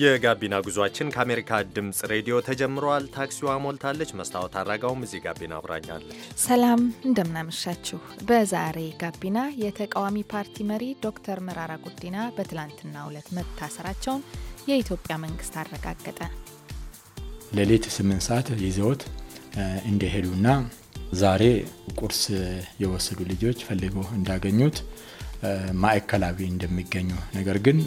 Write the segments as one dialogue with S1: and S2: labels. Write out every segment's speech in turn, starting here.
S1: የጋቢና ጉዟችን ከአሜሪካ ድምፅ ሬዲዮ ተጀምረዋል። ታክሲዋ ሞልታለች። መስታወት አድራጋውም እዚህ ጋቢና አብራኛለች።
S2: ሰላም እንደምናመሻችሁ። በዛሬ ጋቢና የተቃዋሚ ፓርቲ መሪ ዶክተር መራራ ጉዲና በትላንትናው ዕለት መታሰራቸውን የኢትዮጵያ መንግስት አረጋገጠ።
S3: ሌሊት ስምንት ሰዓት ይዘውት እንደሄዱና ዛሬ ቁርስ የወሰዱ ልጆች ፈልገው እንዳገኙት ማዕከላዊ እንደሚገኙ ነገር ግን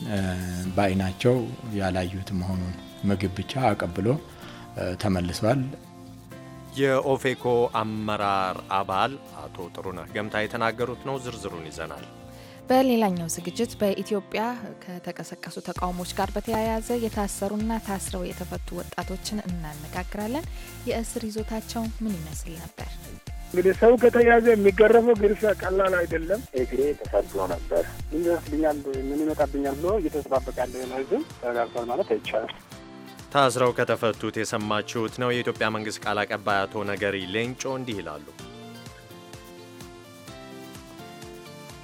S3: በአይናቸው ያላዩት መሆኑን ምግብ ብቻ አቀብሎ ተመልሷል።
S1: የኦፌኮ አመራር አባል አቶ ጥሩነህ ገምታ የተናገሩት ነው። ዝርዝሩን ይዘናል።
S2: በሌላኛው ዝግጅት በኢትዮጵያ ከተቀሰቀሱ ተቃውሞች ጋር በተያያዘ የታሰሩና ታስረው የተፈቱ ወጣቶችን እናነጋግራለን። የእስር ይዞታቸው ምን ይመስል ነበር?
S4: እንግዲህ ሰው ከተያዘ የሚገረፈው ግርፊያ ቀላል አይደለም። እግሬ ተሰዶ ነበር ምን ይወስድኛል ምን ይመጣብኛል ብሎ እየተጠባበቀ ያለ ህዝብ ተረጋግቷል ማለት አይቻልም።
S1: ታስረው ከተፈቱት የሰማችሁት ነው። የኢትዮጵያ መንግስት ቃል አቀባይ አቶ ነገሪ ሌንጮ እንዲህ ይላሉ።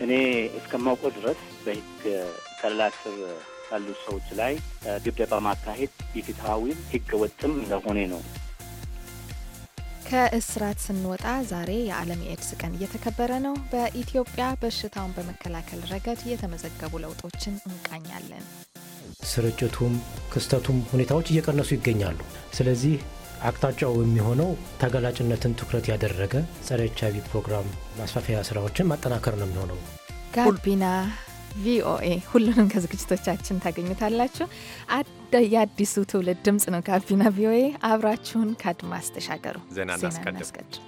S5: እኔ እስከማውቀው ድረስ በህግ ከለላ ስር ካሉት ሰዎች ላይ ድብደባ ማካሄድ ህገ ወጥም ለሆኔ ነው
S2: ከእስራት ስንወጣ ዛሬ የዓለም የኤድስ ቀን እየተከበረ ነው። በኢትዮጵያ በሽታውን በመከላከል ረገድ የተመዘገቡ ለውጦችን እንቃኛለን።
S6: ስርጭቱም ክስተቱም ሁኔታዎች እየቀነሱ ይገኛሉ። ስለዚህ አቅጣጫው የሚሆነው ተገላጭነትን ትኩረት ያደረገ ጸረ ኤች ፕሮግራም ማስፋፊያ ስራዎችን ማጠናከር ነው የሚሆነው።
S2: ጋቢና ቪኦኤ ሁሉንም ከዝግጅቶቻችን ታገኙታላችሁ። የአዲሱ ትውልድ ድምፅ ነው ጋቢና ቪኦኤ። አብራችሁን ከአድማስ ተሻገሩ። ዜና
S1: እናስቀድም።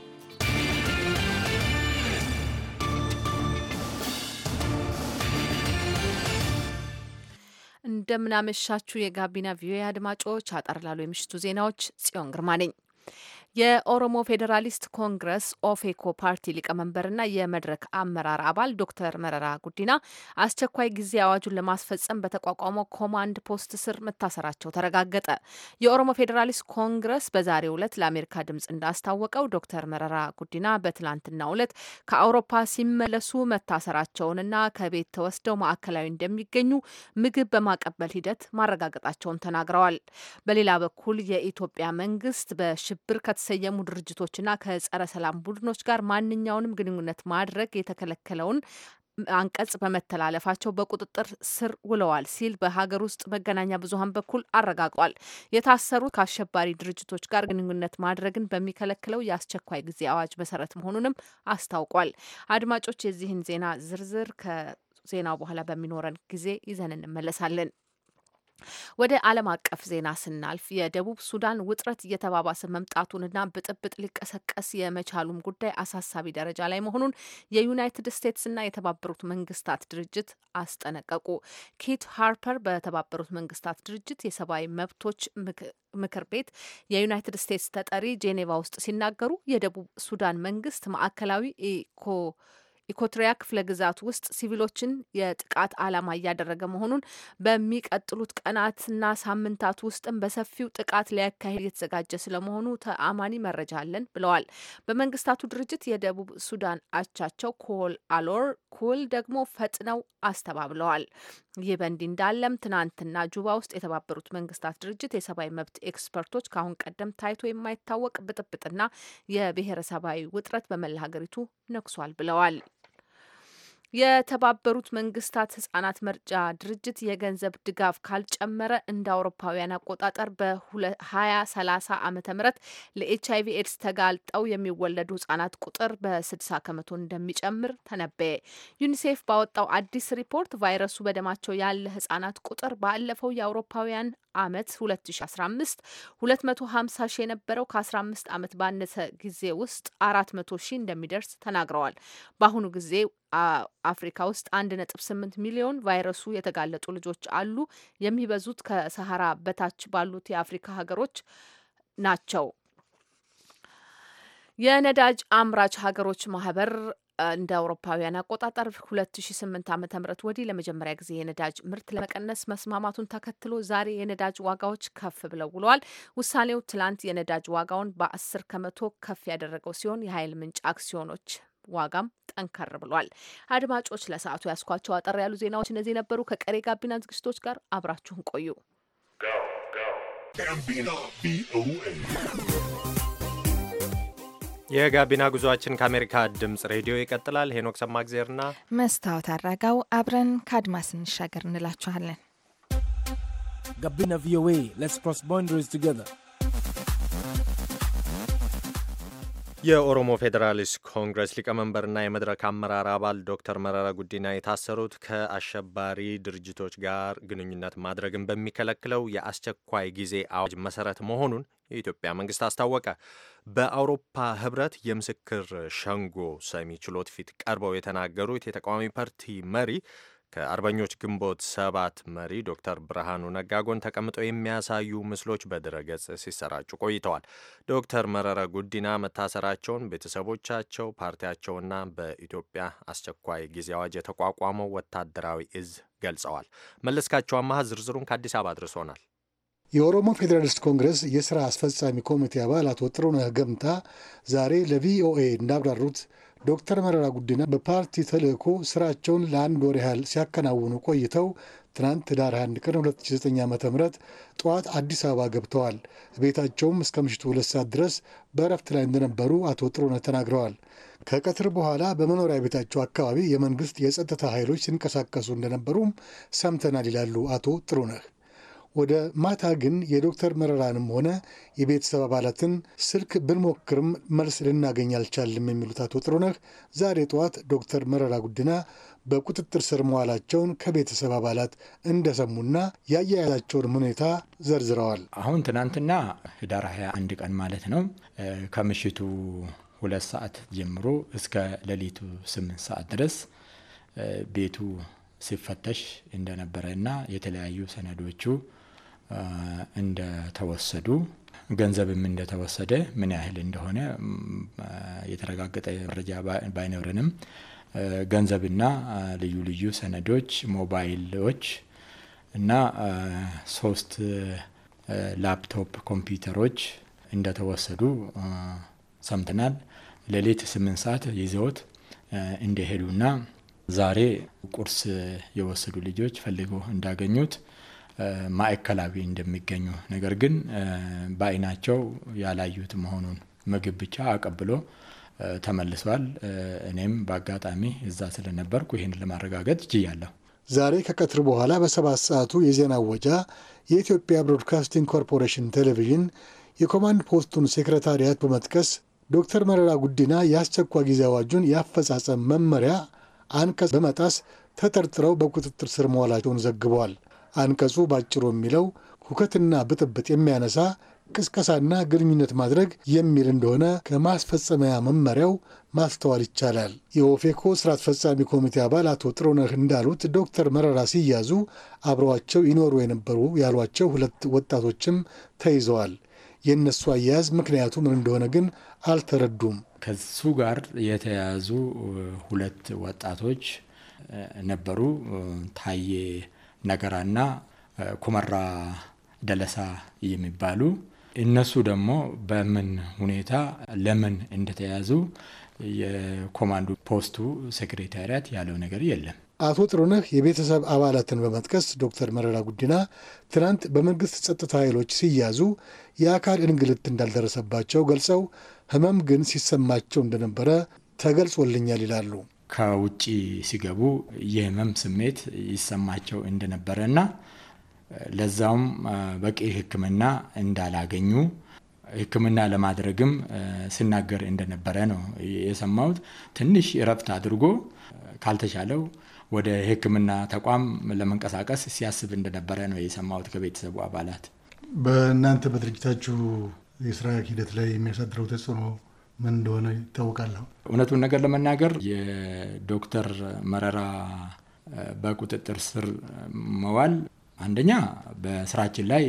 S7: እንደምናመሻችሁ የጋቢና ቪኦኤ አድማጮች፣ አጠር ላሉ የምሽቱ ዜናዎች ጽዮን ግርማ ነኝ። የኦሮሞ ፌዴራሊስት ኮንግረስ ኦፌኮ ፓርቲ ሊቀመንበርና የመድረክ አመራር አባል ዶክተር መረራ ጉዲና አስቸኳይ ጊዜ አዋጁን ለማስፈጸም በተቋቋመው ኮማንድ ፖስት ስር መታሰራቸው ተረጋገጠ። የኦሮሞ ፌዴራሊስት ኮንግረስ በዛሬው ዕለት ለአሜሪካ ድምጽ እንዳስታወቀው ዶክተር መረራ ጉዲና በትላንትናው ዕለት ከአውሮፓ ሲመለሱ መታሰራቸውንና ከቤት ተወስደው ማዕከላዊ እንደሚገኙ ምግብ በማቀበል ሂደት ማረጋገጣቸውን ተናግረዋል። በሌላ በኩል የኢትዮጵያ መንግስት በሽብር ከተ ከተሰየሙ ድርጅቶችና ከጸረ ሰላም ቡድኖች ጋር ማንኛውንም ግንኙነት ማድረግ የተከለከለውን አንቀጽ በመተላለፋቸው በቁጥጥር ስር ውለዋል ሲል በሀገር ውስጥ መገናኛ ብዙኃን በኩል አረጋግጧል። የታሰሩት ከአሸባሪ ድርጅቶች ጋር ግንኙነት ማድረግን በሚከለክለው የአስቸኳይ ጊዜ አዋጅ መሰረት መሆኑንም አስታውቋል። አድማጮች፣ የዚህን ዜና ዝርዝር ከዜናው በኋላ በሚኖረን ጊዜ ይዘን እንመለሳለን። ወደ ዓለም አቀፍ ዜና ስናልፍ የደቡብ ሱዳን ውጥረት እየተባባሰ መምጣቱንና ብጥብጥ ሊቀሰቀስ የመቻሉም ጉዳይ አሳሳቢ ደረጃ ላይ መሆኑን የዩናይትድ ስቴትስና የተባበሩት መንግስታት ድርጅት አስጠነቀቁ። ኬት ሃርፐር በተባበሩት መንግስታት ድርጅት የሰብአዊ መብቶች ምክር ቤት የዩናይትድ ስቴትስ ተጠሪ ጄኔቫ ውስጥ ሲናገሩ የደቡብ ሱዳን መንግስት ማዕከላዊ ኢኮ ኢኮትሪያ ክፍለ ግዛት ውስጥ ሲቪሎችን የጥቃት ዓላማ እያደረገ መሆኑን በሚቀጥሉት ቀናትና ሳምንታት ውስጥም በሰፊው ጥቃት ሊያካሄድ እየተዘጋጀ ስለመሆኑ ተአማኒ መረጃ አለን ብለዋል። በመንግስታቱ ድርጅት የደቡብ ሱዳን አቻቸው ኮል አሎር ኩል ደግሞ ፈጥነው አስተባብለዋል። ይህ በእንዲህ እንዳለም ትናንትና ጁባ ውስጥ የተባበሩት መንግስታት ድርጅት የሰብአዊ መብት ኤክስፐርቶች ከአሁን ቀደም ታይቶ የማይታወቅ ብጥብጥና የብሔረሰባዊ ውጥረት በመላ ሀገሪቱ ነግሷል ብለዋል። የተባበሩት መንግስታት ህጻናት መርጃ ድርጅት የገንዘብ ድጋፍ ካልጨመረ እንደ አውሮፓውያን አቆጣጠር በ2030 ዓመተ ምህረት ለኤች አይቪ ኤድስ ተጋልጠው የሚወለዱ ህጻናት ቁጥር በ60 ከመቶ እንደሚጨምር ተነበየ። ዩኒሴፍ ባወጣው አዲስ ሪፖርት ቫይረሱ በደማቸው ያለ ህጻናት ቁጥር ባለፈው የአውሮፓውያን ዓመት 2015 250 ሺህ የነበረው ከ15 ዓመት ባነሰ ጊዜ ውስጥ 400 ሺህ እንደሚደርስ ተናግረዋል። በአሁኑ ጊዜ አፍሪካ ውስጥ ስምንት ሚሊዮን ቫይረሱ የተጋለጡ ልጆች አሉ። የሚበዙት ከሰሃራ በታች ባሉት የአፍሪካ ሀገሮች ናቸው። የነዳጅ አምራች ሀገሮች ማህበር እንደ አውሮፓውያን አቆጣጠር 2008 ዓ ም ወዲህ ለመጀመሪያ ጊዜ የነዳጅ ምርት ለመቀነስ መስማማቱን ተከትሎ ዛሬ የነዳጅ ዋጋዎች ከፍ ብለው ውለዋል። ውሳኔው ትላንት የነዳጅ ዋጋውን በ10 ከመቶ ከፍ ያደረገው ሲሆን የኃይል ምንጭ አክሲዮኖች ዋጋም ጠንከር ብሏል። አድማጮች ለሰዓቱ ያስኳቸው አጠር ያሉ ዜናዎች እነዚህ ነበሩ። ከቀሪ ጋቢና ዝግጅቶች ጋር አብራችሁን ቆዩ።
S1: የጋቢና ጉዞአችን ከአሜሪካ ድምፅ ሬዲዮ ይቀጥላል። ሄኖክ ሰማግዜርና
S2: መስታወት አራጋው አብረን ከአድማስ እንሻገር እንላችኋለን። ጋቢና ቪኦኤ ሌትስ ክሮስ ቦንደሪስ ቱጌዘር
S1: የኦሮሞ ፌዴራሊስት ኮንግረስ ሊቀመንበርና የመድረክ አመራር አባል ዶክተር መረራ ጉዲና የታሰሩት ከአሸባሪ ድርጅቶች ጋር ግንኙነት ማድረግን በሚከለክለው የአስቸኳይ ጊዜ አዋጅ መሰረት መሆኑን የኢትዮጵያ መንግስት አስታወቀ። በአውሮፓ ህብረት የምስክር ሸንጎ ሰሚ ችሎት ፊት ቀርበው የተናገሩት የተቃዋሚ ፓርቲ መሪ ከአርበኞች ግንቦት ሰባት መሪ ዶክተር ብርሃኑ ነጋ ጎን ተቀምጠው የሚያሳዩ ምስሎች በድረገጽ ሲሰራጩ ቆይተዋል። ዶክተር መረረ ጉዲና መታሰራቸውን ቤተሰቦቻቸው፣ ፓርቲያቸውና በኢትዮጵያ አስቸኳይ ጊዜ አዋጅ የተቋቋመው ወታደራዊ እዝ ገልጸዋል። መለስካቸው አማሃ ዝርዝሩን ከአዲስ አበባ አድርሶናል።
S8: የኦሮሞ ፌዴራሊስት ኮንግረስ የሥራ አስፈጻሚ ኮሚቴ አባላት ጥሩነህ ገምታ ዛሬ ለቪኦኤ እንዳብራሩት ዶክተር መረራ ጉዲና በፓርቲ ተልእኮ ስራቸውን ለአንድ ወር ያህል ሲያከናውኑ ቆይተው ትናንት ህዳር 1 ቀን 2009 ዓ ም ጠዋት አዲስ አበባ ገብተዋል። ቤታቸውም እስከ ምሽቱ ሁለት ሰዓት ድረስ በእረፍት ላይ እንደነበሩ አቶ ጥሩነህ ተናግረዋል። ከቀትር በኋላ በመኖሪያ ቤታቸው አካባቢ የመንግስት የጸጥታ ኃይሎች ሲንቀሳቀሱ እንደነበሩም ሰምተናል ይላሉ አቶ ጥሩነህ። ወደ ማታ ግን የዶክተር መረራንም ሆነ የቤተሰብ አባላትን ስልክ ብንሞክርም መልስ ልናገኝ አልቻልም የሚሉት አቶ ጥሩነህ ዛሬ ጠዋት ዶክተር መረራ ጉድና በቁጥጥር ስር መዋላቸውን ከቤተሰብ አባላት እንደሰሙና ያያያዛቸውን ሁኔታ
S3: ዘርዝረዋል። አሁን ትናንትና ህዳር 21 ቀን ማለት ነው ከምሽቱ ሁለት ሰዓት ጀምሮ እስከ ሌሊቱ ስምንት ሰዓት ድረስ ቤቱ ሲፈተሽ እንደነበረ እና የተለያዩ ሰነዶቹ እንደተወሰዱ ገንዘብም እንደተወሰደ ምን ያህል እንደሆነ የተረጋገጠ መረጃ ባይኖረንም ገንዘብና ልዩ ልዩ ሰነዶች፣ ሞባይሎች እና ሶስት ላፕቶፕ ኮምፒውተሮች እንደተወሰዱ ሰምተናል። ሌሊት ስምንት ሰዓት ይዘውት እንደሄዱና ዛሬ ቁርስ የወሰዱ ልጆች ፈልገው እንዳገኙት ማዕከላዊ እንደሚገኙ ነገር ግን በአይናቸው ያላዩት መሆኑን ምግብ ብቻ አቀብሎ ተመልሷል። እኔም በአጋጣሚ እዛ ስለነበርኩ ይህን ለማረጋገጥ ችያለሁ።
S8: ዛሬ ከቀትር በኋላ በሰባት ሰዓቱ የዜና ወጃ የኢትዮጵያ ብሮድካስቲንግ ኮርፖሬሽን ቴሌቪዥን የኮማንድ ፖስቱን ሴክረታሪያት በመጥቀስ ዶክተር መረራ ጉዲና የአስቸኳይ ጊዜ አዋጁን የአፈጻጸም መመሪያ አንቀጽ በመጣስ ተጠርጥረው በቁጥጥር ስር መዋላቸውን ዘግበዋል። አንቀጹ ባጭሩ የሚለው ሁከትና ብጥብጥ የሚያነሳ ቅስቀሳና ግንኙነት ማድረግ የሚል እንደሆነ ከማስፈጸሚያ መመሪያው ማስተዋል ይቻላል። የኦፌኮ ስራ አስፈጻሚ ኮሚቴ አባል አቶ ጥሩነህ እንዳሉት ዶክተር መረራ ሲያዙ አብረዋቸው ይኖሩ የነበሩ ያሏቸው ሁለት ወጣቶችም ተይዘዋል። የእነሱ አያያዝ ምክንያቱ ምን እንደሆነ ግን አልተረዱም።
S3: ከሱ ጋር የተያያዙ ሁለት ወጣቶች ነበሩ ታዬ ነገራና ኩመራ ደለሳ የሚባሉ እነሱ ደግሞ በምን ሁኔታ ለምን እንደተያዙ የኮማንዶ ፖስቱ ሴክሬታሪያት ያለው ነገር የለም።
S8: አቶ ጥሩነህ የቤተሰብ አባላትን በመጥቀስ ዶክተር መረራ ጉዲና ትናንት በመንግስት ጸጥታ ኃይሎች ሲያዙ የአካል እንግልት እንዳልደረሰባቸው ገልጸው ህመም ግን ሲሰማቸው እንደነበረ
S3: ተገልጾልኛል ይላሉ። ከውጭ ሲገቡ የህመም ስሜት ይሰማቸው እንደነበረና ለዛውም በቂ ህክምና እንዳላገኙ ህክምና ለማድረግም ሲናገር እንደነበረ ነው የሰማሁት። ትንሽ እረፍት አድርጎ ካልተቻለው ወደ ህክምና ተቋም ለመንቀሳቀስ ሲያስብ እንደነበረ ነው የሰማሁት ከቤተሰቡ አባላት።
S8: በእናንተ በድርጅታችሁ የስራ ሂደት ላይ የሚያሳድረው ተጽዕኖ ምን እንደሆነ ይታወቃል።
S3: እውነቱን ነገር ለመናገር የዶክተር መረራ በቁጥጥር ስር መዋል አንደኛ በስራችን ላይ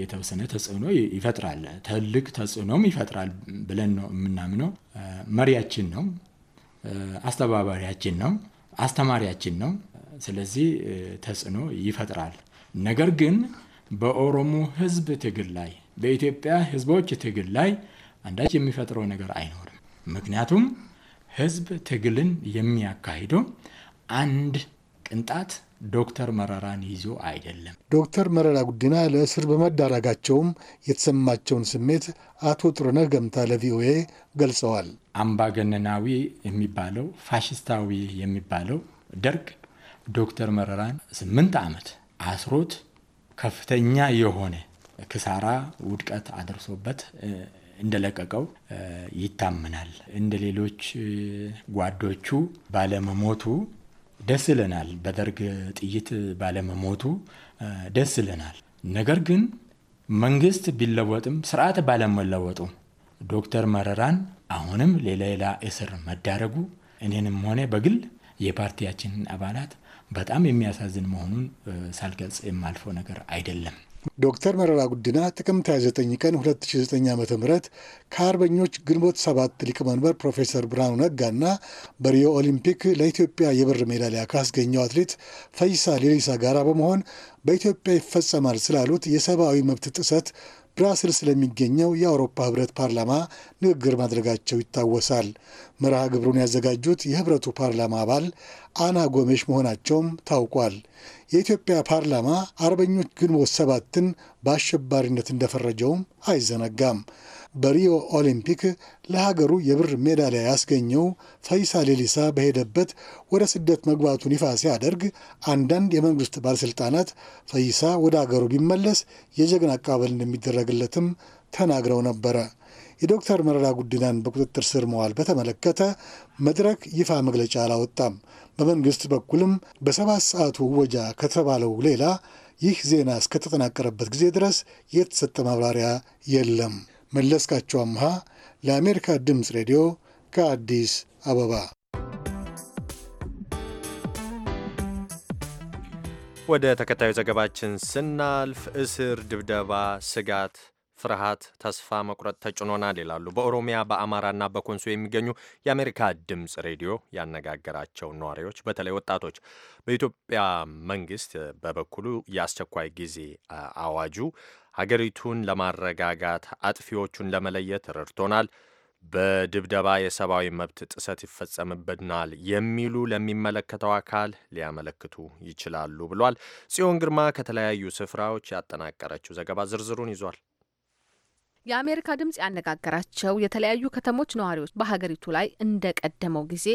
S3: የተወሰነ ተጽዕኖ ይፈጥራል፣ ትልቅ ተጽዕኖም ይፈጥራል ብለን ነው የምናምነው። መሪያችን ነው፣ አስተባባሪያችን ነው፣ አስተማሪያችን ነው። ስለዚህ ተጽዕኖ ይፈጥራል። ነገር ግን በኦሮሞ ሕዝብ ትግል ላይ በኢትዮጵያ ሕዝቦች ትግል ላይ አንዳች የሚፈጥረው ነገር አይኖርም። ምክንያቱም ህዝብ ትግልን የሚያካሂደው አንድ ቅንጣት ዶክተር መረራን ይዞ አይደለም።
S8: ዶክተር መረራ ጉዲና ለእስር በመዳረጋቸውም የተሰማቸውን
S3: ስሜት አቶ ጥሩነህ ገምታ ለቪኦኤ ገልጸዋል። አምባገነናዊ የሚባለው ፋሽስታዊ የሚባለው ደርግ ዶክተር መረራን ስምንት ዓመት አስሮት ከፍተኛ የሆነ ክሳራ ውድቀት አድርሶበት እንደለቀቀው ይታመናል። እንደ ሌሎች ጓዶቹ ባለመሞቱ ደስ ይለናል። በደርግ ጥይት ባለመሞቱ ደስ ይለናል። ነገር ግን መንግስት ቢለወጥም ስርዓት ባለመለወጡ ዶክተር መረራን አሁንም ለሌላ እስር መዳረጉ እኔንም ሆነ በግል የፓርቲያችንን አባላት በጣም የሚያሳዝን መሆኑን ሳልገልጽ የማልፈው ነገር አይደለም።
S8: ዶክተር መረራ ጉዲና ጥቅምት 29 ቀን 2009 ዓ ም ከአርበኞች ግንቦት ሰባት ሊቀመንበር ፕሮፌሰር ብርሃኑ ነጋና በሪዮ ኦሊምፒክ ለኢትዮጵያ የብር ሜዳሊያ ካስገኘው አትሌት ፈይሳ ሌሊሳ ጋር በመሆን በኢትዮጵያ ይፈጸማል ስላሉት የሰብአዊ መብት ጥሰት ብራስል ስለሚገኘው የአውሮፓ ህብረት ፓርላማ ንግግር ማድረጋቸው ይታወሳል። መርሃ ግብሩን ያዘጋጁት የህብረቱ ፓርላማ አባል አና ጎሜሽ መሆናቸውም ታውቋል። የኢትዮጵያ ፓርላማ አርበኞች ግንቦት ሰባትን በአሸባሪነት እንደፈረጀውም አይዘነጋም። በሪዮ ኦሊምፒክ ለሀገሩ የብር ሜዳሊያ ያስገኘው ፈይሳ ሌሊሳ በሄደበት ወደ ስደት መግባቱን ይፋ ሲያደርግ አንዳንድ የመንግስት ባለሥልጣናት ፈይሳ ወደ ሀገሩ ቢመለስ የጀግና አቀባበል እንደሚደረግለትም ተናግረው ነበረ። የዶክተር መረራ ጉዲናን በቁጥጥር ስር መዋል በተመለከተ መድረክ ይፋ መግለጫ አላወጣም። በመንግስት በኩልም በሰባት ሰዓቱ እወጃ ከተባለው ሌላ ይህ ዜና እስከተጠናቀረበት ጊዜ ድረስ የተሰጠ ማብራሪያ የለም። መለስካቸው አምሃ ለአሜሪካ ድምፅ ሬዲዮ ከአዲስ አበባ።
S1: ወደ ተከታዩ ዘገባችን ስናልፍ እስር፣ ድብደባ፣ ስጋት ፍርሃት፣ ተስፋ መቁረጥ ተጭኖናል ይላሉ በኦሮሚያ በአማራና በኮንሶ የሚገኙ የአሜሪካ ድምፅ ሬዲዮ ያነጋገራቸው ነዋሪዎች፣ በተለይ ወጣቶች። በኢትዮጵያ መንግስት በበኩሉ የአስቸኳይ ጊዜ አዋጁ ሀገሪቱን ለማረጋጋት አጥፊዎቹን ለመለየት ረድቶናል፣ በድብደባ የሰብአዊ መብት ጥሰት ይፈጸምብናል የሚሉ ለሚመለከተው አካል ሊያመለክቱ ይችላሉ ብሏል። ጽዮን ግርማ ከተለያዩ ስፍራዎች ያጠናቀረችው ዘገባ ዝርዝሩን ይዟል።
S7: የአሜሪካ ድምጽ ያነጋገራቸው የተለያዩ ከተሞች ነዋሪዎች በሀገሪቱ ላይ እንደቀደመው ጊዜ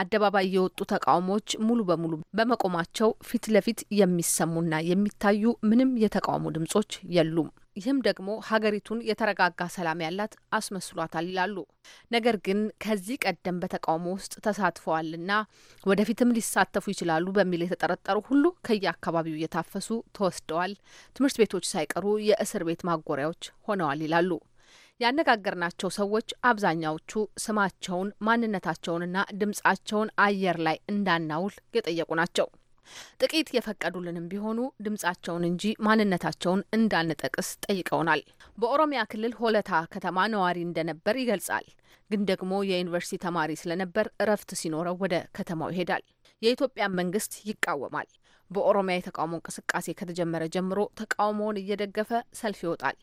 S7: አደባባይ የወጡ ተቃውሞዎች ሙሉ በሙሉ በመቆማቸው ፊት ለፊት የሚሰሙና የሚታዩ ምንም የተቃውሞ ድምጾች የሉም። ይህም ደግሞ ሀገሪቱን የተረጋጋ ሰላም ያላት አስመስሏታል ይላሉ። ነገር ግን ከዚህ ቀደም በተቃውሞ ውስጥ ተሳትፈዋልና ወደፊትም ሊሳተፉ ይችላሉ በሚል የተጠረጠሩ ሁሉ ከየአካባቢው እየታፈሱ ተወስደዋል። ትምህርት ቤቶች ሳይቀሩ የእስር ቤት ማጎሪያዎች ሆነዋል ይላሉ። ያነጋገርናቸው ሰዎች አብዛኛዎቹ ስማቸውን ማንነታቸውንና ድምጻቸውን አየር ላይ እንዳናውል የጠየቁ ናቸው። ጥቂት የፈቀዱልንም ቢሆኑ ድምጻቸውን እንጂ ማንነታቸውን እንዳንጠቅስ ጠይቀውናል። በኦሮሚያ ክልል ሆለታ ከተማ ነዋሪ እንደነበር ይገልጻል። ግን ደግሞ የዩኒቨርሲቲ ተማሪ ስለነበር እረፍት ሲኖረው ወደ ከተማው ይሄዳል። የኢትዮጵያን መንግስት ይቃወማል። በኦሮሚያ የተቃውሞ እንቅስቃሴ ከተጀመረ ጀምሮ ተቃውሞውን እየደገፈ ሰልፍ ይወጣል።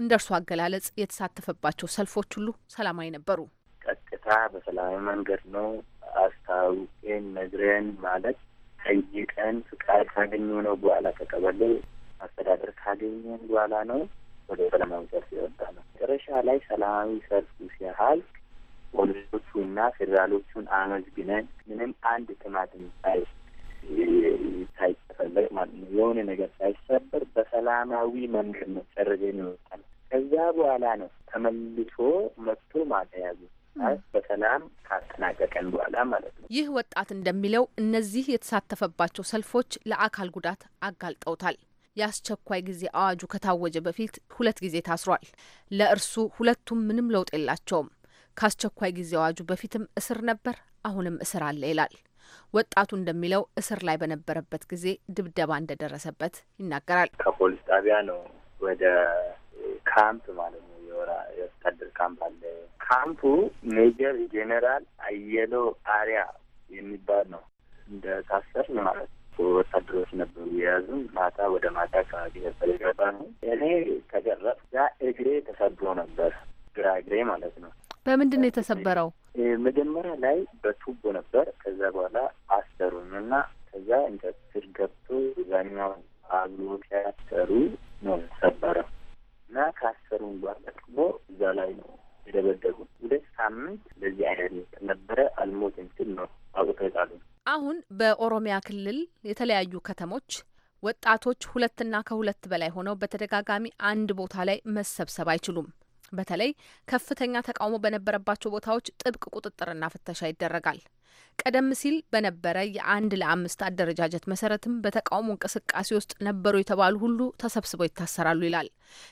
S7: እንደ እርሱ አገላለጽ የተሳተፈባቸው ሰልፎች ሁሉ ሰላማዊ ነበሩ።
S9: ቀጥታ በሰላማዊ መንገድ ነው አስታውቄን ነግረን ማለት ጠይቀን ፍቃድ ካገኙ ነው በኋላ ከቀበሌ አስተዳደር ካገኘን በኋላ ነው ወደ ሰላማዊ ሰልፍ የወጣ ነው። መጨረሻ ላይ ሰላማዊ ሰልፉ ሲያህል ፖሊሶቹና ፌዴራሎቹን አመዝግነን ምንም አንድ ትማትም ሳይ ሳይፈለግ ማለት ነው የሆነ ነገር ሳይሰበር በሰላማዊ መንገድ ነው ጨርሰን ነው የወጣ ነው። ከዛ በኋላ ነው ተመልሶ መጥቶ ማተያዙ በሰላም ካጠናቀቀን በኋላ
S7: ማለት ነው። ይህ ወጣት እንደሚለው እነዚህ የተሳተፈባቸው ሰልፎች ለአካል ጉዳት አጋልጠውታል። የአስቸኳይ ጊዜ አዋጁ ከታወጀ በፊት ሁለት ጊዜ ታስሯል። ለእርሱ ሁለቱም ምንም ለውጥ የላቸውም። ከአስቸኳይ ጊዜ አዋጁ በፊትም እስር ነበር፣ አሁንም እስር አለ ይላል። ወጣቱ እንደሚለው እስር ላይ በነበረበት ጊዜ ድብደባ እንደደረሰበት ይናገራል።
S9: ከፖሊስ ጣቢያ ነው ወደ ካምፕ ማለት ነው የወታደር ካምፕ አለ ካምፑ ሜጀር ጄኔራል አየሎ አሪያ የሚባል ነው። እንደ ታሰር ማለት ወታደሮች ነበሩ የያዙም። ማታ ወደ ማታ አካባቢ ነበር የገባ ነው። እኔ ተገረፍ ጋ እግሬ ተሰብሮ ነበር፣ ግራ እግሬ ማለት ነው።
S7: በምንድን ነው የተሰበረው?
S9: መጀመሪያ ላይ በቱቦ ነበር። ከዛ በኋላ አሰሩኝ እና ከዛ እንጨት ስር ገብቶ ዛኛው አብሮ ሲያሰሩ ነው ሰበረው እና ካሰሩን በኋላ ደግሞ እዛ ላይ ነው የደበደጉት። ሁለት ሳምንት በዚህ አይነት ነበረ። አልሞት ምስል ነው አቁተጣሉ።
S7: አሁን በኦሮሚያ ክልል የተለያዩ ከተሞች ወጣቶች ሁለትና ከሁለት በላይ ሆነው በተደጋጋሚ አንድ ቦታ ላይ መሰብሰብ አይችሉም። በተለይ ከፍተኛ ተቃውሞ በነበረባቸው ቦታዎች ጥብቅ ቁጥጥርና ፍተሻ ይደረጋል። ቀደም ሲል በነበረ የአንድ ለአምስት አደረጃጀት መሰረትም በተቃውሞ እንቅስቃሴ ውስጥ ነበሩ የተባሉ ሁሉ ተሰብስበው ይታሰራሉ ይላል።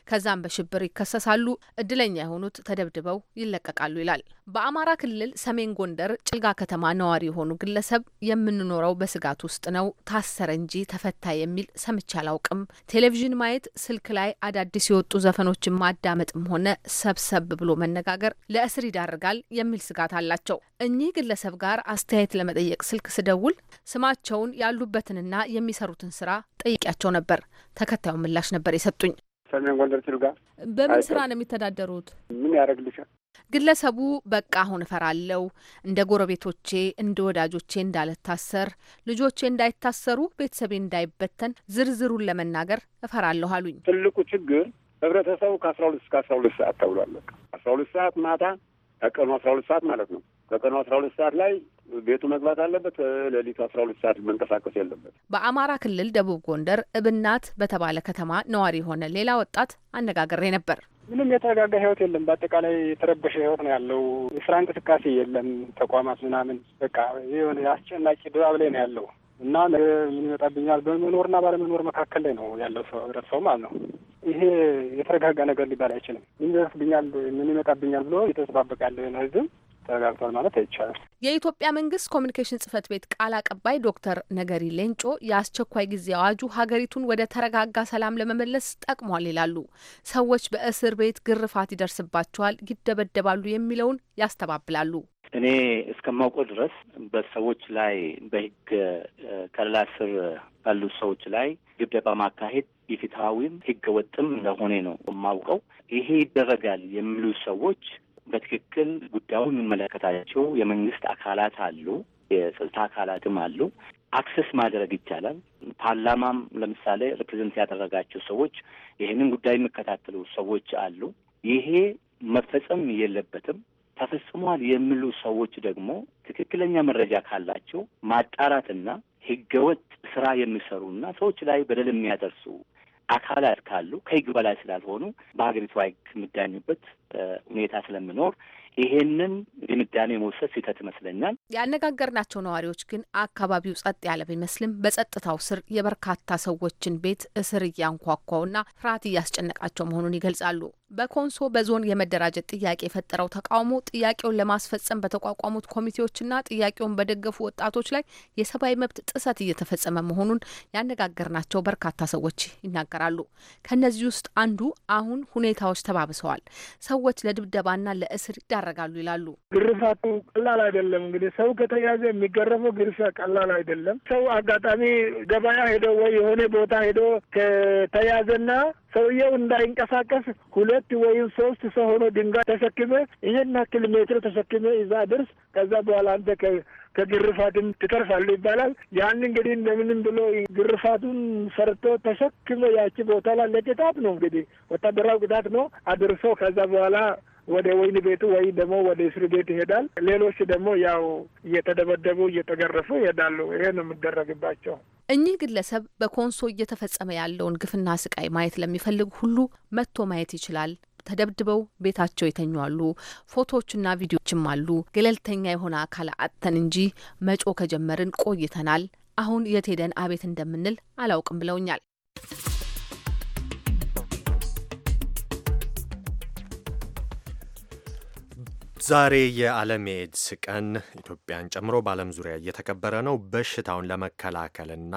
S7: ከዛም በሽብር ይከሰሳሉ፣ እድለኛ የሆኑት ተደብድበው ይለቀቃሉ ይላል። በአማራ ክልል ሰሜን ጎንደር ጭልጋ ከተማ ነዋሪ የሆኑ ግለሰብ የምንኖረው በስጋት ውስጥ ነው፣ ታሰረ እንጂ ተፈታ የሚል ሰምቼ አላውቅም። ቴሌቪዥን ማየት፣ ስልክ ላይ አዳዲስ የወጡ ዘፈኖችን ማዳመጥም ሆነ ሰብሰብ ብሎ መነጋገር ለእስር ይዳርጋል የሚል ስጋት አላቸው። እኚህ ግለሰብ ጋር አስ አስተያየት ለመጠየቅ ስልክ ስደውል ስማቸውን ያሉበትንና የሚሰሩትን ስራ ጠይቂያቸው ነበር። ተከታዩን ምላሽ ነበር የሰጡኝ።
S10: ሰሜን ጎንደር ሲሉ በምን ስራ ነው
S7: የሚተዳደሩት?
S10: ምን ያደረግልሻል?
S7: ግለሰቡ በቃ አሁን እፈራለሁ፣ እንደ ጎረቤቶቼ እንደ ወዳጆቼ እንዳልታሰር፣ ልጆቼ እንዳይታሰሩ፣ ቤተሰቤ እንዳይበተን ዝርዝሩን ለመናገር እፈራለሁ አሉኝ።
S4: ትልቁ ችግር ህብረተሰቡ ከአስራ ሁለት እስከ አስራ ሁለት ሰዓት ተብሏል። አስራ ሁለት ሰዓት ማታ ከቀኑ አስራ ሁለት ሰዓት ማለት ነው ከቀኑ አስራ ሁለት ሰዓት ላይ ቤቱ መግባት አለበት። ሌሊቱ አስራ ሁለት ሰዓት መንቀሳቀስ የለበት።
S7: በአማራ ክልል ደቡብ ጎንደር እብናት በተባለ ከተማ ነዋሪ የሆነ ሌላ ወጣት አነጋግሬ ነበር። ምንም የተረጋጋ
S10: ህይወት የለም። በአጠቃላይ የተረበሸ ህይወት ነው ያለው። የስራ እንቅስቃሴ የለም። ተቋማት ምናምን በቃ የሆነ አስጨናቂ ድባብ ላይ ነው ያለው እና ምን ይመጣብኛል በመኖርና ባለመኖር መካከል ላይ ነው ያለው ሰው ህብረተሰቡ ማለት ነው። ይሄ የተረጋጋ ነገር ሊባል አይችልም። ምን ይደርስብኛል፣ ምን ይመጣብኛል ብሎ እየተጠባበቀ ያለው ህዝብ ተረጋግጧል ማለት አይቻልም።
S7: የኢትዮጵያ መንግስት ኮሚኒኬሽን ጽህፈት ቤት ቃል አቀባይ ዶክተር ነገሪ ሌንጮ የአስቸኳይ ጊዜ አዋጁ ሀገሪቱን ወደ ተረጋጋ ሰላም ለመመለስ ጠቅሟል ይላሉ። ሰዎች በእስር ቤት ግርፋት ይደርስባቸዋል፣ ይደበደባሉ የሚለውን ያስተባብላሉ።
S5: እኔ እስከማውቀው ድረስ በሰዎች ላይ በህግ ከለላ ስር ባሉ ሰዎች ላይ ግደባ ማካሄድ ኢፍትሐዊም ህገ ወጥም እንደሆነ ነው የማውቀው። ይሄ ይደረጋል የሚሉ ሰዎች በትክክል ጉዳዩ የሚመለከታቸው የመንግስት አካላት አሉ፣ የጸጥታ አካላትም አሉ። አክሰስ ማድረግ ይቻላል። ፓርላማም ለምሳሌ ሪፕሬዘንት ያደረጋቸው ሰዎች ይህንን ጉዳይ የሚከታተሉ ሰዎች አሉ። ይሄ መፈጸም የለበትም ተፈጽሟል የሚሉ ሰዎች ደግሞ ትክክለኛ መረጃ ካላቸው ማጣራትና ህገወጥ ስራ የሚሰሩና ሰዎች ላይ በደል የሚያደርሱ አካላት ካሉ ከህግ በላይ ስላልሆኑ በሀገሪቱ ህግ የሚዳኙበት ሁኔታ ስለምኖር ይሄንን ድምዳሜ መውሰድ ስህተት ይመስለኛል።
S7: ያነጋገርናቸው ነዋሪዎች ግን አካባቢው ጸጥ ያለ ቢመስልም በጸጥታው ስር የበርካታ ሰዎችን ቤት እስር እያንኳኳውና ፍርሃት እያስጨነቃቸው መሆኑን ይገልጻሉ። በኮንሶ በዞን የመደራጀት ጥያቄ የፈጠረው ተቃውሞ ጥያቄውን ለማስፈጸም በተቋቋሙት ኮሚቴዎችና ጥያቄውን በደገፉ ወጣቶች ላይ የሰብአዊ መብት ጥሰት እየተፈጸመ መሆኑን ያነጋገርናቸው በርካታ ሰዎች ይናገራሉ። ከእነዚህ ውስጥ አንዱ አሁን ሁኔታዎች ተባብሰዋል፣ ሰዎች ለድብደባና ለእስር ይዳረጋሉ ይላሉ። ግርፋቱ ቀላል አይደለም። እንግዲህ ሰው ከተያዘ
S4: የሚገረፈው ግርፋ ቀላል አይደለም። ሰው አጋጣሚ ገበያ ሄዶ ወይ የሆነ ቦታ ሄዶ ከተያዘና ሰውየው እንዳይንቀሳቀስ ሁለት ወይም ሶስት ሰው ሆኖ ድንጋይ ተሸክመ ይህን ያክል ሜትር ተሸክመ ይዛ ድርስ፣ ከዛ በኋላ አንተ ከግርፋትን ትተርፋለህ ይባላል። ያን እንግዲህ እንደምንም ብሎ ግርፋቱን ሰርቶ ተሸክመ ያቺ ቦታ ላለ ቅጣት ነው እንግዲህ ወታደራዊ ቅጣት ነው አድርሶ ከዛ በኋላ ወደ ወይን ቤቱ ወይ ደግሞ ወደ እስር ቤት ይሄዳል። ሌሎች ደግሞ ያው እየተደበደቡ እየተገረፉ ይሄዳሉ። ይሄ ነው የሚደረግባቸው።
S7: እኚህ ግለሰብ በኮንሶ እየተፈጸመ ያለውን ግፍና ስቃይ ማየት ለሚፈልግ ሁሉ መጥቶ ማየት ይችላል። ተደብድበው ቤታቸው የተኙ አሉ። ፎቶዎችና ቪዲዮችም አሉ። ገለልተኛ የሆነ አካል አጥተን እንጂ መጮ ከጀመርን ቆይተናል። አሁን የት ሄደን አቤት እንደምንል አላውቅም ብለውኛል።
S1: ዛሬ የዓለም ኤድስ ቀን ኢትዮጵያን ጨምሮ በዓለም ዙሪያ እየተከበረ ነው። በሽታውን ለመከላከልና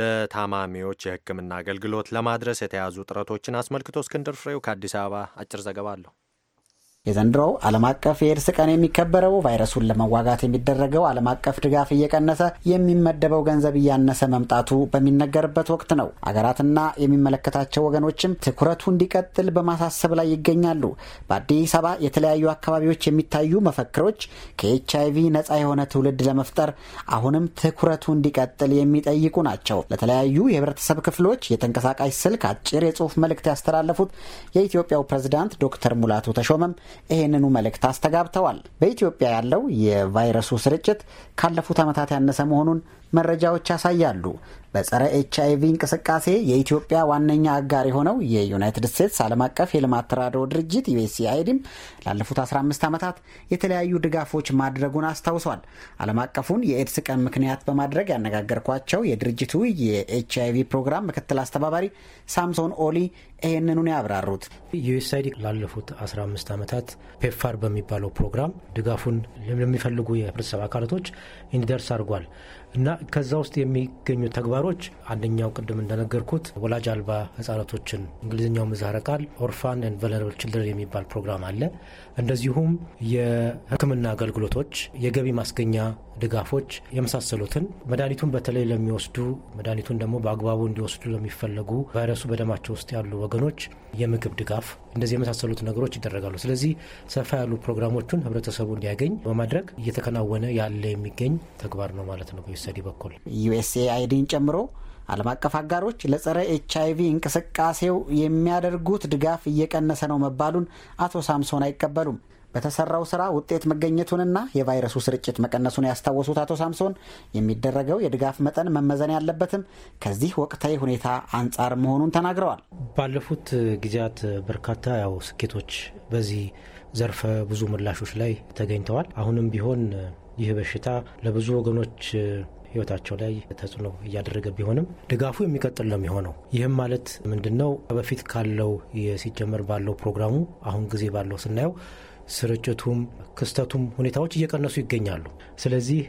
S1: ለታማሚዎች የሕክምና አገልግሎት ለማድረስ የተያዙ ጥረቶችን አስመልክቶ እስክንድር ፍሬው ከአዲስ አበባ አጭር ዘገባ አለው።
S11: የዘንድሮው ዓለም አቀፍ የኤድስ ቀን የሚከበረው ቫይረሱን ለመዋጋት የሚደረገው ዓለም አቀፍ ድጋፍ እየቀነሰ የሚመደበው ገንዘብ እያነሰ መምጣቱ በሚነገርበት ወቅት ነው። አገራትና የሚመለከታቸው ወገኖችም ትኩረቱ እንዲቀጥል በማሳሰብ ላይ ይገኛሉ። በአዲስ አበባ የተለያዩ አካባቢዎች የሚታዩ መፈክሮች ከኤች አይቪ ነፃ የሆነ ትውልድ ለመፍጠር አሁንም ትኩረቱ እንዲቀጥል የሚጠይቁ ናቸው። ለተለያዩ የህብረተሰብ ክፍሎች የተንቀሳቃሽ ስልክ አጭር የጽሁፍ መልእክት ያስተላለፉት የኢትዮጵያው ፕሬዝዳንት ዶክተር ሙላቱ ተሾመም ይህንኑ መልእክት አስተጋብተዋል። በኢትዮጵያ ያለው የቫይረሱ ስርጭት ካለፉት ዓመታት ያነሰ መሆኑን መረጃዎች ያሳያሉ። በጸረ ኤች አይቪ እንቅስቃሴ የኢትዮጵያ ዋነኛ አጋር የሆነው የዩናይትድ ስቴትስ ዓለም አቀፍ የልማት ተራድኦ ድርጅት ዩኤስኤአይዲም ላለፉት 15 ዓመታት የተለያዩ ድጋፎች ማድረጉን አስታውሷል። ዓለም አቀፉን የኤድስ ቀን ምክንያት በማድረግ ያነጋገርኳቸው የድርጅቱ የኤች አይቪ ፕሮግራም ምክትል አስተባባሪ ሳምሶን ኦሊ ይህንኑን ያብራሩት ዩኤስአይዲ ላለፉት
S6: 15 ዓመታት ፔፋር በሚባለው ፕሮግራም ድጋፉን ለሚፈልጉ የህብረተሰብ አካላቶች እንዲደርስ አድርጓል። እና ከዛ ውስጥ የሚገኙ ተግባሮች አንደኛው ቅድም እንደነገርኩት ወላጅ አልባ ህጻናቶችን እንግሊዝኛው ምህጻረ ቃል ኦርፋን ኤንድ ቨልነራብል ችልድረን የሚባል ፕሮግራም አለ። እንደዚሁም የህክምና አገልግሎቶች፣ የገቢ ማስገኛ ድጋፎች የመሳሰሉትን መድኃኒቱን በተለይ ለሚወስዱ መድኃኒቱን ደግሞ በአግባቡ እንዲወስዱ ለሚፈለጉ ቫይረሱ በደማቸው ውስጥ ያሉ ወገኖች የምግብ ድጋፍ እንደዚህ የመሳሰሉት ነገሮች ይደረጋሉ። ስለዚህ ሰፋ ያሉ ፕሮግራሞቹን ህብረተሰቡ እንዲያገኝ በማድረግ እየተከናወነ ያለ የሚገኝ
S11: ተግባር ነው ማለት ነው። በዩሰዲ በኩል ዩኤስኤ አይዲን ጨምሮ ዓለም አቀፍ አጋሮች ለጸረ ኤች አይቪ እንቅስቃሴው የሚያደርጉት ድጋፍ እየቀነሰ ነው መባሉን አቶ ሳምሶን አይቀበሉም። በተሰራው ስራ ውጤት መገኘቱንና የቫይረሱ ስርጭት መቀነሱን ያስታወሱት አቶ ሳምሶን የሚደረገው የድጋፍ መጠን መመዘን ያለበትም ከዚህ ወቅታዊ ሁኔታ አንጻር መሆኑን ተናግረዋል።
S6: ባለፉት ጊዜያት በርካታ ያው ስኬቶች በዚህ ዘርፈ ብዙ ምላሾች ላይ ተገኝተዋል። አሁንም ቢሆን ይህ በሽታ ለብዙ ወገኖች ህይወታቸው ላይ ተጽዕኖ እያደረገ ቢሆንም ድጋፉ የሚቀጥል ነው የሚሆነው። ይህም ማለት ምንድን ነው? በፊት ካለው ሲጀመር ባለው ፕሮግራሙ አሁን ጊዜ ባለው ስናየው ስርጭቱም ክስተቱም ሁኔታዎች እየቀነሱ ይገኛሉ። ስለዚህ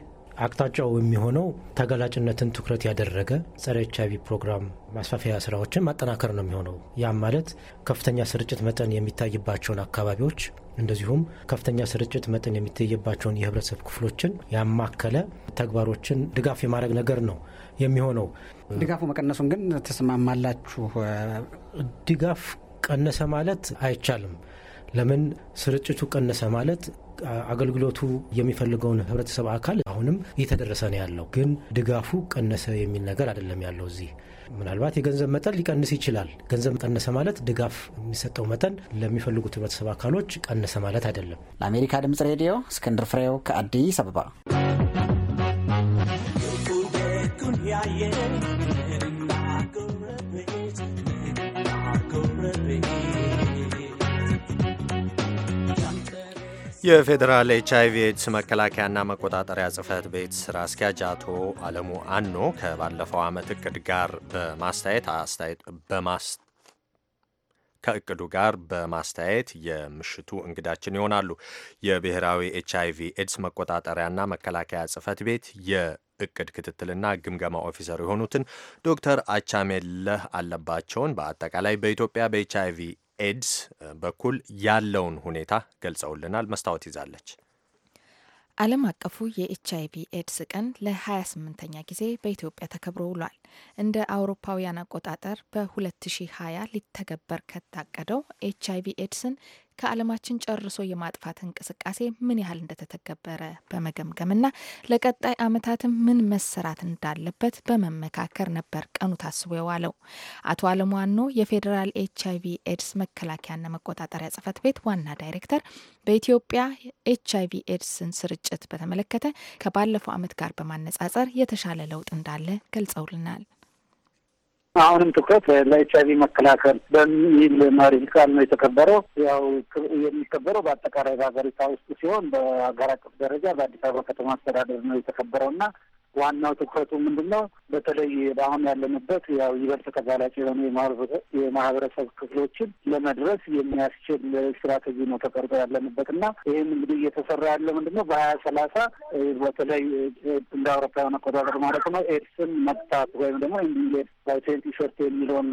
S6: አቅጣጫው የሚሆነው ተጋላጭነትን ትኩረት ያደረገ ጸረ ኤች አይቪ ፕሮግራም ማስፋፊያ ስራዎችን ማጠናከር ነው የሚሆነው። ያም ማለት ከፍተኛ ስርጭት መጠን የሚታይባቸውን አካባቢዎች እንደዚሁም ከፍተኛ ስርጭት መጠን የሚታይባቸውን የህብረተሰብ ክፍሎችን ያማከለ ተግባሮችን ድጋፍ የማድረግ ነገር ነው የሚሆነው።
S11: ድጋፉ መቀነሱን
S6: ግን ትስማማላችሁ? ድጋፍ ቀነሰ ማለት አይቻልም። ለምን ስርጭቱ ቀነሰ ማለት አገልግሎቱ የሚፈልገውን ህብረተሰብ አካል አሁንም እየተደረሰ ነው ያለው፣ ግን ድጋፉ ቀነሰ የሚል ነገር አይደለም ያለው። እዚህ ምናልባት የገንዘብ መጠን ሊቀንስ ይችላል። ገንዘብ ቀነሰ ማለት ድጋፍ የሚሰጠው መጠን ለሚፈልጉት ህብረተሰብ አካሎች
S11: ቀነሰ ማለት አይደለም። ለአሜሪካ ድምጽ ሬዲዮ እስክንድር ፍሬው ከአዲስ አበባ
S1: የፌዴራል ኤች አይቪ ኤድስ መከላከያና መቆጣጠሪያ ጽህፈት ቤት ስራ አስኪያጅ አቶ አለሙ አኖ ከባለፈው ዓመት እቅድ ጋር በማስተያየት አስተያየት በማስ ከእቅዱ ጋር በማስተያየት የምሽቱ እንግዳችን ይሆናሉ። የብሔራዊ ኤች አይቪ ኤድስ መቆጣጠሪያና መከላከያ ጽህፈት ቤት የእቅድ ክትትልና ግምገማ ኦፊሰር የሆኑትን ዶክተር አቻሜለህ አለባቸውን በአጠቃላይ በኢትዮጵያ በኤች አይቪ ኤድስ በኩል ያለውን ሁኔታ ገልጸውልናል። መስታወት ይዛለች።
S2: ዓለም አቀፉ የኤች አይቪ ኤድስ ቀን ለ28ኛ ጊዜ በኢትዮጵያ ተከብሮ ውሏል። እንደ አውሮፓውያን አቆጣጠር በ2020 ሊተገበር ከታቀደው ኤች አይቪ ኤድስን ከዓለማችን ጨርሶ የማጥፋት እንቅስቃሴ ምን ያህል እንደተተገበረ በመገምገምና ለቀጣይ ዓመታትም ምን መሰራት እንዳለበት በመመካከር ነበር ቀኑ ታስቦ የዋለው። አቶ አለሙ ዋኖ የፌዴራል ኤች አይቪ ኤድስ መከላከያና መቆጣጠሪያ ጽህፈት ቤት ዋና ዳይሬክተር በኢትዮጵያ ኤች አይቪ ኤድስን ስርጭት በተመለከተ ከባለፈው ዓመት ጋር በማነጻጸር የተሻለ ለውጥ እንዳለ ገልጸውልናል።
S10: አሁንም ትኩረት ለኤች አይቪ መከላከል በሚል መሪ ቃል ነው የተከበረው። ያው የሚከበረው በአጠቃላይ በሀገሪቷ ውስጥ ሲሆን በሀገር አቀፍ ደረጃ በአዲስ አበባ ከተማ አስተዳደር ነው የተከበረው እና ዋናው ትኩረቱ ምንድን ነው? በተለይ በአሁን ያለንበት ያው ይበልጥ ተጋላጭ የሆኑ የማህበረሰብ ክፍሎችን ለመድረስ የሚያስችል ስትራቴጂ ነው ተቀርጦ ያለንበት እና ይህም እንግዲህ እየተሰራ ያለው ምንድን ነው በሀያ ሰላሳ በተለይ እንደ አውሮፓውያን አቆጣጠር ማለት ነው ኤድስን መጥታት ወይም ደግሞ ኢንዲሌት ባይቴንቲ ሸርት የሚለውን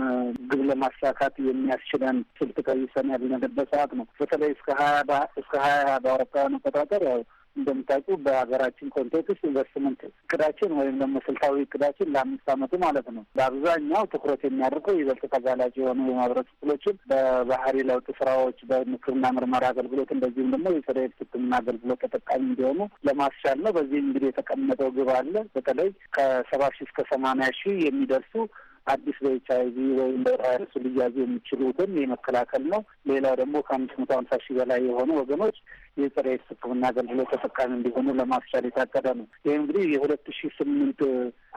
S10: ግብ ለማሳካት የሚያስችለን ስልት ቀይሰን ያለንበት ሰዓት ነው። በተለይ እስከ ሀያ እስከ ሀያ በአውሮፓውያን አቆጣጠር ያው እንደምታውቁ በሀገራችን ኮንቴክስት ኢንቨስትመንት እቅዳችን ወይም ደግሞ ስልታዊ እቅዳችን ለአምስት አመቱ ማለት ነው በአብዛኛው ትኩረት የሚያደርገው ይበልጥ ተጋላጭ የሆኑ የማህበረሰብ ክፍሎችን በባህሪ ለውጥ ስራዎች፣ በምክርና ምርመራ አገልግሎት እንደዚሁም ደግሞ የተለያዩ ሕክምና አገልግሎት ተጠቃሚ እንዲሆኑ ለማስቻል ነው። በዚህ እንግዲህ የተቀመጠው ግብ አለ። በተለይ ከሰባ ሺህ እስከ ሰማንያ ሺህ የሚደርሱ አዲስ በኤች አይቪ ወይም በቫይረሱ ሊያዙ የሚችሉትን የመከላከል ነው። ሌላው ደግሞ ከአምስት መቶ ሀምሳ ሺህ በላይ የሆኑ ወገኖች የጸረ ኤድስ ሕክምና አገልግሎት ተጠቃሚ እንዲሆኑ ለማስቻል የታቀደ ነው። ይህ እንግዲህ የሁለት ሺ ስምንት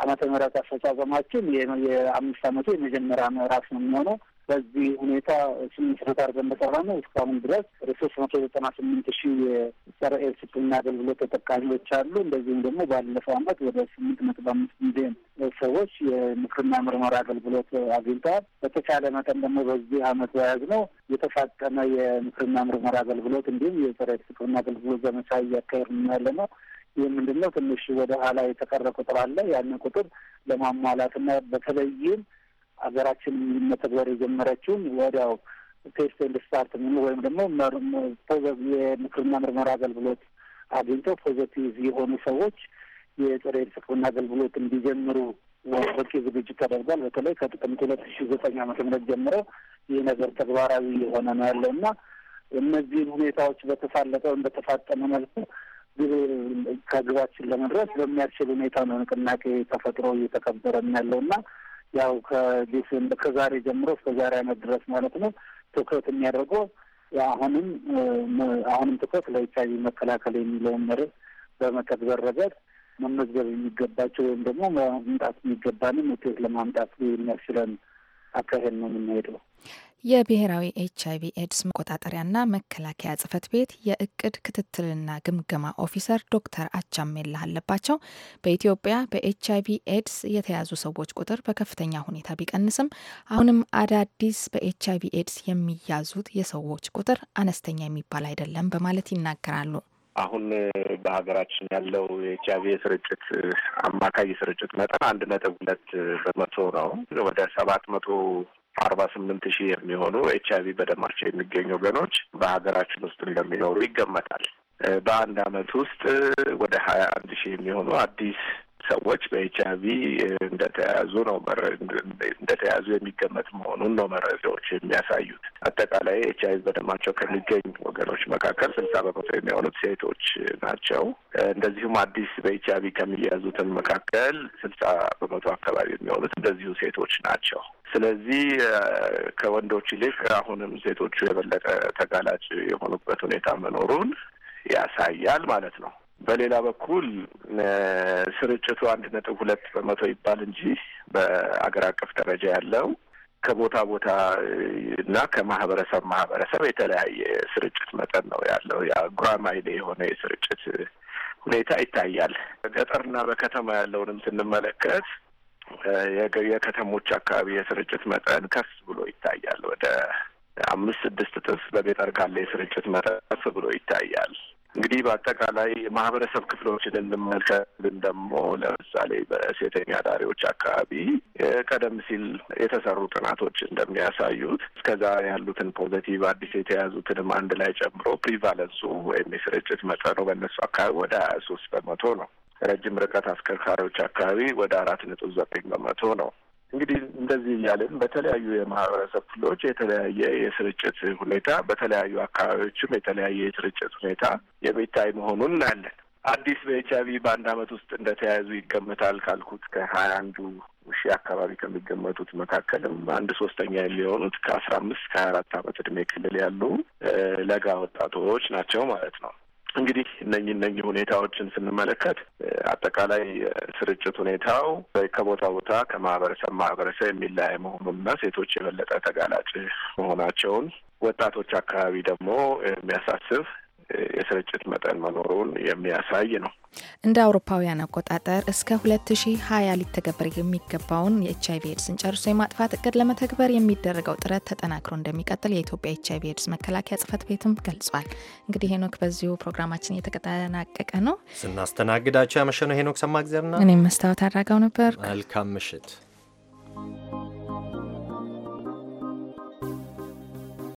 S10: ዓመተ ምህረት አፈጻጸማችን የአምስት አመቱ የመጀመሪያ ምዕራፍ ነው የሚሆነው። በዚህ ሁኔታ ስምንት መቶ አርገን በሰራ ነው እስካሁን ድረስ ወደ ሶስት መቶ ዘጠና ስምንት ሺህ የጸረ ኤድስ ሕክምና አገልግሎት ተጠቃሚዎች አሉ። እንደዚሁም ደግሞ ባለፈው ዓመት ወደ ስምንት ነጥብ አምስት ሚሊዮን ሰዎች የምክርና ምርመራ አገልግሎት አግኝተዋል። በተቻለ መጠን ደግሞ በዚህ ዓመት ነው የተፋጠመ የምክርና ምርመራ አገልግሎት እንዲሁም የጸረ ኤድስ ሕክምና አገልግሎት ዘመቻ እያካሄድን ያለ ነው። ይህ ምንድን ነው? ትንሽ ወደ ኋላ የተቀረ ቁጥር አለ። ያንን ቁጥር ለማሟላትና በተለይም ሀገራችን መተግበር የጀመረችውን ወዲያው ቴስት ኤንድ ስታርት ወይም ደግሞ የምክርና ምርመራ አገልግሎት አግኝተው ፖዘቲቭ የሆኑ ሰዎች የጸረ ሕክምና አገልግሎት እንዲጀምሩ በቂ ዝግጅት ተደርጓል። በተለይ ከጥቅምት ሁለት ሺ ዘጠኝ ዓመተ ምህረት ጀምሮ ይህ ነገር ተግባራዊ የሆነ ነው ያለው እና እነዚህን ሁኔታዎች በተሳለጠ ወይም በተፋጠነ መልኩ ከግባችን ለመድረስ በሚያስችል ሁኔታ ነው ንቅናቄ ተፈጥሮ እየተከበረ ያለው እና ያው ከዲሴምበር ከዛሬ ጀምሮ እስከ ዛሬ አመት ድረስ ማለት ነው ትኩረት የሚያደርገው አሁንም አሁንም ትኩረት ለኤች አይቪ መከላከል የሚለውን መርህ በመተግበር ረገድ መመዝገብ የሚገባቸው ወይም ደግሞ መምጣት የሚገባንም ውጤት ለማምጣት የሚያስችለን አካሄድ ነው የምንሄደው።
S2: የብሔራዊ ኤች አይቪ ኤድስ መቆጣጠሪያና መከላከያ ጽህፈት ቤት የእቅድ ክትትልና ግምገማ ኦፊሰር ዶክተር አቻሜላ አለባቸው በኢትዮጵያ በኤች አይቪ ኤድስ የተያዙ ሰዎች ቁጥር በከፍተኛ ሁኔታ ቢቀንስም አሁንም አዳዲስ በኤች አይቪ ኤድስ የሚያዙት የሰዎች ቁጥር አነስተኛ የሚባል አይደለም በማለት ይናገራሉ።
S4: አሁን በሀገራችን ያለው የኤች አይቪ ስርጭት አማካይ ስርጭት መጠን አንድ ነጥብ ሁለት በመቶ ነው። ወደ ሰባት መቶ አርባ ስምንት ሺህ የሚሆኑ ኤች አይቪ በደማቸው የሚገኙ ወገኖች በሀገራችን ውስጥ እንደሚኖሩ ይገመታል። በአንድ አመት ውስጥ ወደ ሀያ አንድ ሺህ የሚሆኑ አዲስ ሰዎች በኤች አይቪ እንደተያዙ ነው እንደተያዙ የሚገመት መሆኑን ነው መረጃዎች የሚያሳዩት። አጠቃላይ ኤች አይቪ በደማቸው ከሚገኙ ወገኖች መካከል ስልሳ በመቶ የሚሆኑት ሴቶች ናቸው። እንደዚሁም አዲስ በኤች አይቪ ከሚያዙትን መካከል ስልሳ በመቶ አካባቢ የሚሆኑት እንደዚሁ ሴቶች ናቸው። ስለዚህ ከወንዶች ይልቅ አሁንም ሴቶቹ የበለጠ ተጋላጭ የሆኑበት ሁኔታ መኖሩን ያሳያል ማለት ነው። በሌላ በኩል ስርጭቱ አንድ ነጥብ ሁለት በመቶ ይባል እንጂ በአገር አቀፍ ደረጃ ያለው ከቦታ ቦታ እና ከማህበረሰብ ማህበረሰብ የተለያየ ስርጭት መጠን ነው ያለው። ያ ጉራማይሌ የሆነ የስርጭት ሁኔታ ይታያል። በገጠርና በከተማ ያለውንም ስንመለከት የከተሞች አካባቢ የስርጭት መጠን ከፍ ብሎ ይታያል። ወደ አምስት ስድስት እጥፍ በገጠር ካለ የስርጭት መጠን ከፍ ብሎ ይታያል። እንግዲህ በአጠቃላይ ማህበረሰብ ክፍሎችን እንመልከልን ደግሞ ለምሳሌ በሴተኛ ዳሪዎች አካባቢ ቀደም ሲል የተሰሩ ጥናቶች እንደሚያሳዩት እስከዛ ያሉትን ፖዘቲቭ አዲስ የተያዙትንም አንድ ላይ ጨምሮ ፕሪቫለንሱ ወይም የስርጭት መጠኑ በእነሱ አካባቢ ወደ ሀያ ሶስት በመቶ ነው። ረጅም ርቀት አስከርካሪዎች አካባቢ ወደ አራት ነጥብ ዘጠኝ በመቶ ነው። እንግዲህ እንደዚህ እያለን በተለያዩ የማህበረሰብ ክፍሎች የተለያየ የስርጭት ሁኔታ፣ በተለያዩ አካባቢዎችም የተለያየ የስርጭት ሁኔታ የሚታይ መሆኑን እናያለን። አዲስ በኤች አይቪ በአንድ አመት ውስጥ እንደተያያዙ ይገመታል ካልኩት ከሀያ አንዱ ሺ አካባቢ ከሚገመቱት መካከልም አንድ ሶስተኛ የሚሆኑት ከአስራ አምስት ከሀያ አራት አመት እድሜ ክልል ያሉ ለጋ ወጣቶች ናቸው ማለት ነው። እንግዲህ እነኝ እነኝ ሁኔታዎችን ስንመለከት አጠቃላይ ስርጭት ሁኔታው ከቦታ ቦታ ከማህበረሰብ ማህበረሰብ የሚለያይ መሆኑንና ሴቶች የበለጠ ተጋላጭ መሆናቸውን ወጣቶች አካባቢ ደግሞ የሚያሳስብ የስርጭት መጠን መኖሩን የሚያሳይ ነው።
S2: እንደ አውሮፓውያን አቆጣጠር እስከ 2020 ሊተገበር የሚገባውን የኤች አይቪ ኤድስን ጨርሶ የማጥፋት እቅድ ለመተግበር የሚደረገው ጥረት ተጠናክሮ እንደሚቀጥል የኢትዮጵያ ኤች አይቪ ኤድስ መከላከያ ጽፈት ቤትም ገልጿል። እንግዲህ ሄኖክ፣ በዚሁ ፕሮግራማችን እየተጠናቀቀ ነው።
S1: ስናስተናግዳቸው ያመሸነው ሄኖክ ሰማእግዜርና እኔም
S2: መስታወት አድራጋው ነበር።
S1: መልካም ምሽት።